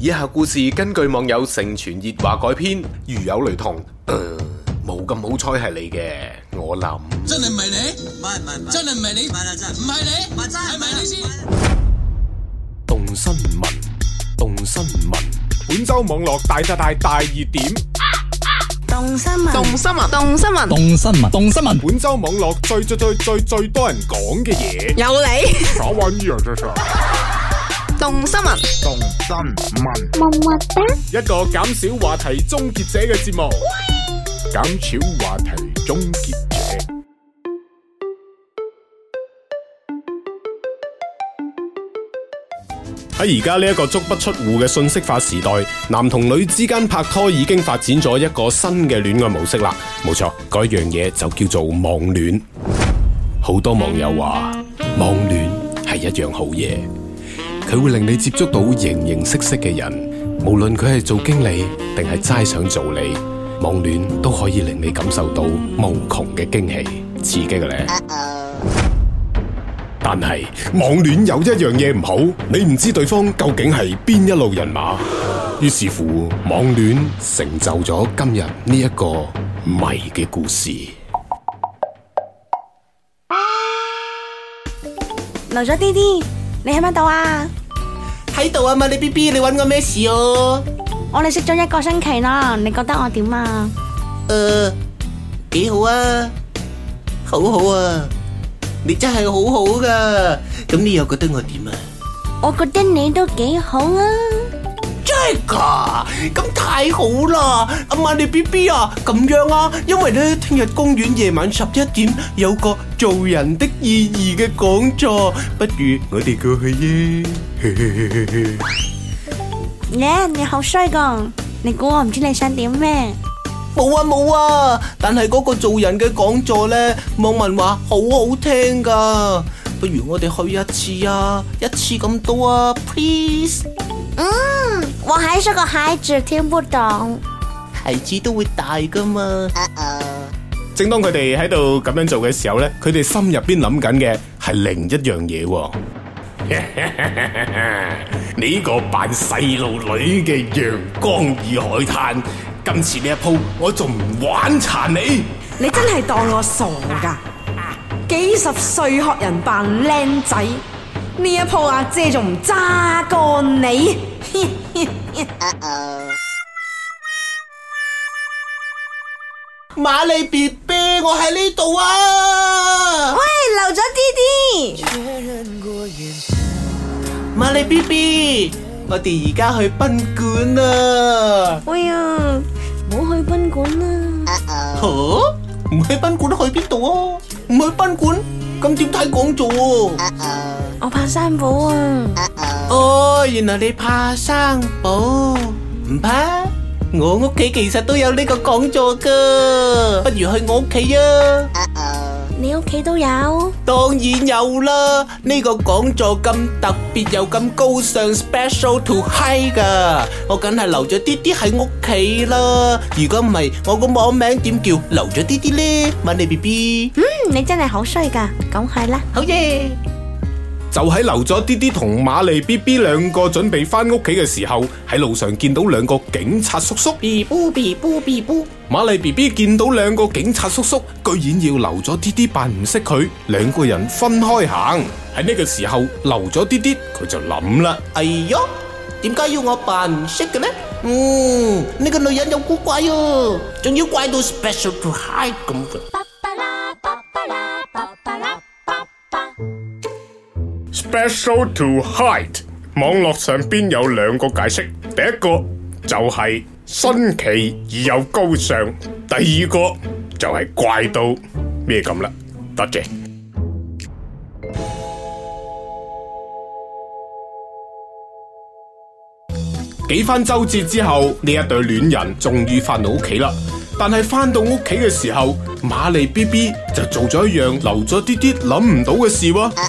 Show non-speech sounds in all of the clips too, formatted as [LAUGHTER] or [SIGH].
以下故事根據網友盛傳熱話改編，如有雷同，冇、呃、咁好彩係你嘅，我諗真係唔係你，唔係唔係，真係唔係你，唔係你，係咪你先？動新聞，動新聞，本周網絡大大大大熱點，動新聞，動新聞，動新聞，動新聞，動新聞，本周網絡最最最最最多人講嘅嘢，有你，耍動身聞，動身聞，一個減少話題終結者嘅節目，減少話題終結者。喺而家呢一個足不出戶嘅信息化時代，男同女之間拍拖已經發展咗一個新嘅戀愛模式啦。冇錯，嗰樣嘢就叫做網戀。好多網友話，網戀係一樣好嘢。佢會令你接觸到形形色色嘅人，無論佢係做經理定係齋想做你，網戀都可以令你感受到無窮嘅驚喜刺激嘅咧。但係網戀有一樣嘢唔好，你唔知對方究竟係邊一路人馬。於是乎，網戀成就咗今日呢一個謎嘅故事。留咗啲啲，你喺唔喺度啊？喺度啊嘛，你 B B，你揾我咩事哦、啊？我哋識咗一個星期啦，你覺得我點啊？誒、呃，幾好啊，好好啊，你真係好好噶，咁你又覺得我點啊？我覺得你都幾好啊。啊，咁太好啦！阿媽你 B B 啊，咁樣啊，因為咧聽日公園夜晚十一點有個做人的意義嘅講座，不如我哋過去耶！你你好衰噶，你估我唔知你想點咩？冇啊冇啊，但係嗰個做人嘅講座咧，網民話好好聽噶，不如我哋去一次啊，一次咁多啊，please，嗯。我喺一個孩子，聽不懂。孩子都會大噶嘛。Uh oh. 正當佢哋喺度咁樣做嘅時候咧，佢哋心入邊諗緊嘅係另一樣嘢。 [LAUGHS] 你個扮細路女嘅陽光與海灘，今次呢一鋪我仲唔玩殘你。你真係當我傻噶？幾十歲學人扮靚仔，呢一鋪阿姐仲唔揸乾你？馬、uh oh. 里 BB，我喺呢度啊！喂，漏咗啲啲。馬里 BB，我哋而家去賓館、uh oh. 啊！哎呀，唔好去賓館啊！吓，唔去賓館去邊度啊？唔去賓館，咁點睇講座？我怕生寶啊！哦，原來你怕生寶，唔怕？我屋企其實都有呢個講座噶，不如去我屋企啊！你屋企都有？當然有啦！呢個講座咁特別又咁高尚，special to high 噶，我梗係留咗啲啲喺屋企啦。如果唔係，我個網名點叫留咗啲啲呢？問你 B B。寶寶嗯，你真係好衰噶，咁係啦，好耶！就喺留咗啲啲同馬麗 B B 兩個準備翻屋企嘅時候，喺路上見到兩個警察叔叔。馬麗 B B 見到兩個警察叔叔，居然要留咗啲啲扮唔識佢，兩個人分開行。喺呢個時候，留咗啲啲佢就諗啦：哎喲，點解要我扮唔識嘅呢？嗯，呢個女人有古怪哦，仲要怪到 special to high 咁。Special to height，網絡上邊有兩個解釋，第一個就係新奇而又高尚，第二個就係怪到咩咁啦。多謝。幾番周折之後，呢一對戀人終於翻到屋企啦。但係翻到屋企嘅時候，瑪麗 BB 就做咗一樣、啊，留咗啲啲諗唔到嘅事喎。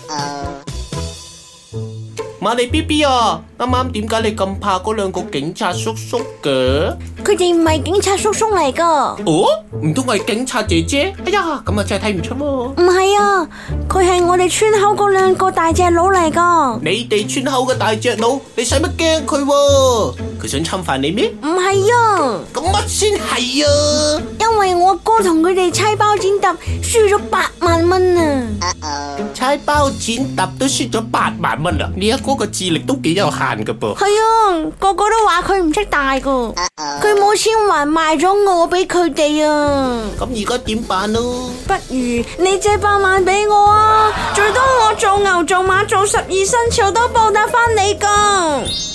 馬里 B B 啊，啱啱點解你咁怕嗰兩個警察叔叔嘅？佢哋唔係警察叔叔嚟噶。哦，唔通係警察姐姐？哎呀，咁啊真係睇唔出喎。唔係啊，佢係我哋村口嗰兩個大隻佬嚟噶。你哋村口嘅大隻佬，你使乜驚佢？佢想侵犯你咩？唔係啊！咁乜先係啊？因為我哥同佢哋猜包剪揼輸咗八萬蚊啊！猜包剪揼都輸咗八萬蚊啊！你阿哥個智力都幾有限噶噃、啊？係啊，個個都話佢唔識大噶，佢冇錢還賣咗我俾佢哋啊！咁而家點辦咯、啊？不如你借八萬俾我啊！最多我做牛做馬做十二生肖都報答翻你噶。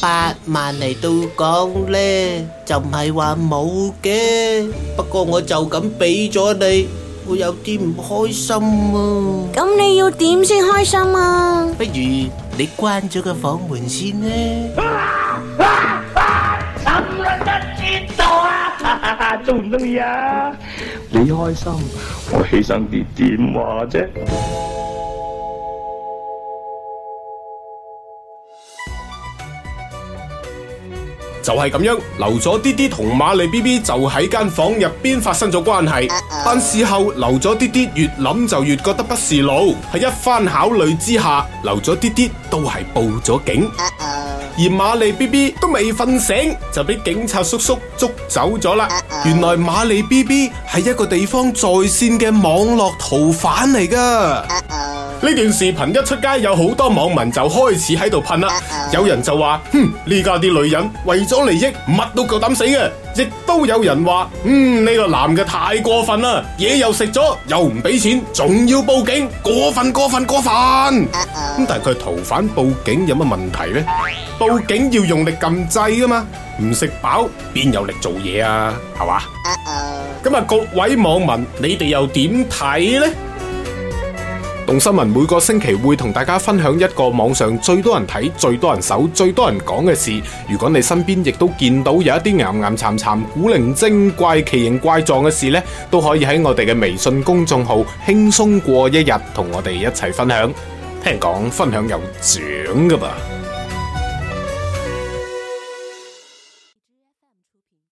八萬嚟到講咧，就唔係話冇嘅。不過我就咁俾咗你，會有啲唔開心喎。咁你要點先開心啊？不如你關咗個房門先呢？啊！啊！ [LAUGHS] 做啊！沉啦啊！中唔中意啊？你開心，我起身跌電話啫。就係咁樣，留咗啲啲同馬麗 B B 就喺間房入邊發生咗關係。但事後留咗啲啲越諗就越覺得不是路，喺一番考慮之下，留咗啲啲都係報咗警。而馬麗 B B 都未瞓醒，就俾警察叔叔捉走咗啦。原來馬麗 B B 係一個地方在線嘅網絡逃犯嚟噶。呢段視頻一出街，有好多網民就開始喺度噴啦。Uh oh. 有人就話：哼，呢家啲女人為咗利益，乜都夠膽死嘅。亦都有人話：嗯，呢、呢個男嘅太過分啦，嘢，又食咗，又唔俾錢，仲要報警，過分過分過分。咁但係佢逃犯，報警有乜問題呢？報警要用力撳掣噶嘛，唔食飽邊有力做嘢啊，係嘛？咁啊、uh，oh. 各位網民，你哋又點睇咧？動身聞每個星期會同大家分享一個網上最多人睇、最多人搜、最多人講嘅事。如果你身邊亦都見到有一啲陰陰慘慘、古靈精怪、奇形怪狀嘅事呢，都可以喺我哋嘅微信公眾號輕鬆過一日，同我哋一齊分享。聽講分享有獎噶吧。